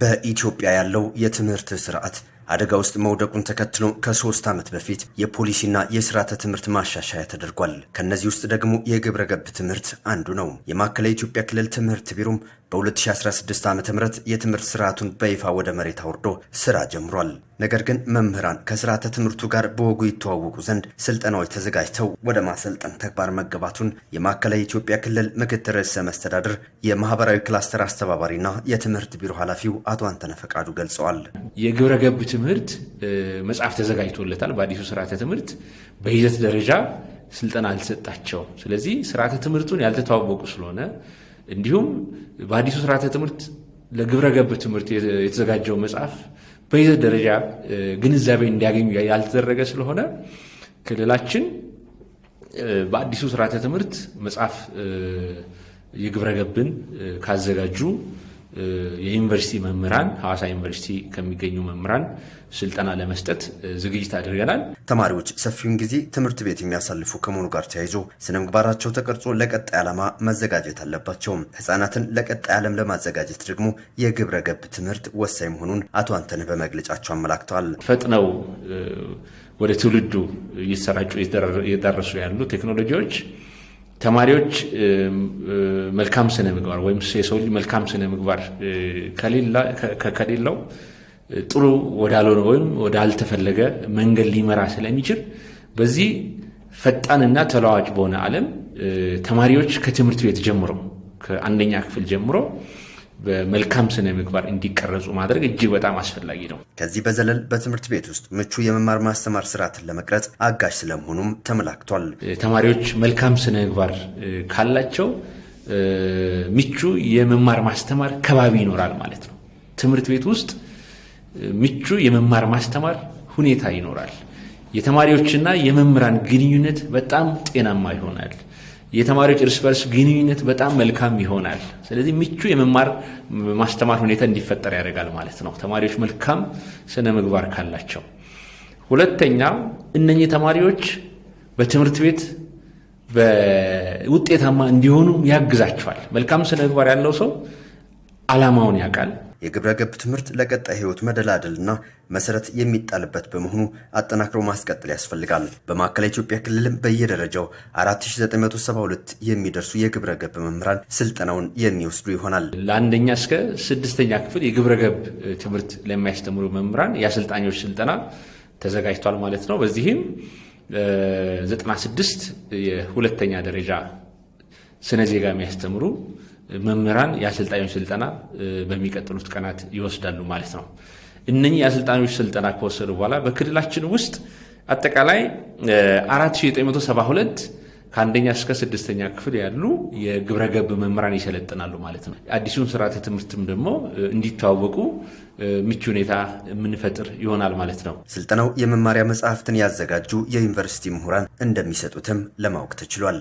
በኢትዮጵያ ያለው የትምህርት ስርዓት አደጋ ውስጥ መውደቁን ተከትሎ ከሶስት ዓመት በፊት የፖሊሲና የስርዓተ ትምህርት ማሻሻያ ተደርጓል። ከእነዚህ ውስጥ ደግሞ የግብረ ገብ ትምህርት አንዱ ነው። የማዕከላዊ ኢትዮጵያ ክልል ትምህርት ቢሮም በ2016 ዓ ም የትምህርት ስርዓቱን በይፋ ወደ መሬት አውርዶ ስራ ጀምሯል። ነገር ግን መምህራን ከስርዓተ ትምህርቱ ጋር በወጉ ይተዋወቁ ዘንድ ስልጠናዎች ተዘጋጅተው ወደ ማሰልጠን ተግባር መገባቱን የማዕከላዊ ኢትዮጵያ ክልል ምክትል ርዕሰ መስተዳድር የማህበራዊ ክላስተር አስተባባሪና የትምህርት ቢሮ ኃላፊው አቶ አንተነ ፈቃዱ ገልጸዋል። የግብረ ገብ ትምህርት መጽሐፍ ተዘጋጅቶለታል። በአዲሱ ስርዓተ ትምህርት በይዘት ደረጃ ስልጠና አልሰጣቸው። ስለዚህ ስርዓተ ትምህርቱን ያልተተዋወቁ ስለሆነ እንዲሁም በአዲሱ ስርዓተ ትምህርት ለግብረ ገብ ትምህርት የተዘጋጀው መጽሐፍ በይዘት ደረጃ ግንዛቤ እንዲያገኙ ያልተደረገ ስለሆነ ክልላችን በአዲሱ ስርዓተ ትምህርት መጽሐፍ የግብረ ገብን ካዘጋጁ የዩኒቨርሲቲ መምህራን ሐዋሳ ዩኒቨርሲቲ ከሚገኙ መምህራን ስልጠና ለመስጠት ዝግጅት አድርገናል። ተማሪዎች ሰፊውን ጊዜ ትምህርት ቤት የሚያሳልፉ ከመሆኑ ጋር ተያይዞ ስነ ምግባራቸው ተቀርጾ ለቀጣይ ዓላማ መዘጋጀት አለባቸውም። ሕጻናትን ለቀጣይ ዓለም ለማዘጋጀት ደግሞ የግብረ ገብ ትምህርት ወሳኝ መሆኑን አቶ አንተነህ በመግለጫቸው አመላክተዋል። ፈጥነው ወደ ትውልዱ እየተሰራጩ እየደረሱ ያሉ ቴክኖሎጂዎች ተማሪዎች መልካም ስነ ምግባር ወይም የሰው ልጅ መልካም ስነ ምግባር ከሌለው ጥሩ ወዳልሆነ ወይም ወዳልተፈለገ መንገድ ሊመራ ስለሚችል በዚህ ፈጣንና ተለዋጭ በሆነ ዓለም ተማሪዎች ከትምህርት ቤት ጀምሮ ከአንደኛ ክፍል ጀምሮ በመልካም ስነ ምግባር እንዲቀረጹ ማድረግ እጅግ በጣም አስፈላጊ ነው። ከዚህ በዘለል በትምህርት ቤት ውስጥ ምቹ የመማር ማስተማር ስርዓትን ለመቅረጽ አጋዥ ስለመሆኑም ተመላክቷል። ተማሪዎች መልካም ስነ ምግባር ካላቸው ምቹ የመማር ማስተማር ከባቢ ይኖራል ማለት ነው። ትምህርት ቤት ውስጥ ምቹ የመማር ማስተማር ሁኔታ ይኖራል። የተማሪዎችና የመምህራን ግንኙነት በጣም ጤናማ ይሆናል። የተማሪዎች እርስ በርስ ግንኙነት በጣም መልካም ይሆናል። ስለዚህ ምቹ የመማር ማስተማር ሁኔታ እንዲፈጠር ያደርጋል ማለት ነው፣ ተማሪዎች መልካም ስነ ምግባር ካላቸው። ሁለተኛ እነኚህ ተማሪዎች በትምህርት ቤት ውጤታማ እንዲሆኑ ያግዛቸዋል። መልካም ስነ ምግባር ያለው ሰው ዓላማውን ያውቃል። የግብረ ገብ ትምህርት ለቀጣይ ህይወት መደላደልና መሰረት የሚጣልበት በመሆኑ አጠናክሮ ማስቀጠል ያስፈልጋል። በማዕከላዊ ኢትዮጵያ ክልልም በየደረጃው 4972 የሚደርሱ የግብረ ገብ መምህራን ስልጠናውን የሚወስዱ ይሆናል። ለአንደኛ እስከ ስድስተኛ ክፍል የግብረ ገብ ትምህርት ለሚያስተምሩ መምህራን የአሰልጣኞች ስልጠና ተዘጋጅቷል ማለት ነው። በዚህም 96 የሁለተኛ ደረጃ ስነ ዜጋ የሚያስተምሩ መምህራን የአሰልጣኞች ስልጠና በሚቀጥሉት ቀናት ይወስዳሉ ማለት ነው። እነኚህ የአሰልጣኞች ስልጠና ከወሰዱ በኋላ በክልላችን ውስጥ አጠቃላይ 4972 ከአንደኛ እስከ ስድስተኛ ክፍል ያሉ የግብረገብ መምህራን ይሰለጥናሉ ማለት ነው። አዲሱን ስርዓተ ትምህርትም ደግሞ እንዲተዋወቁ ምቹ ሁኔታ የምንፈጥር ይሆናል ማለት ነው። ስልጠናው የመማሪያ መጽሐፍትን ያዘጋጁ የዩኒቨርሲቲ ምሁራን እንደሚሰጡትም ለማወቅ ተችሏል።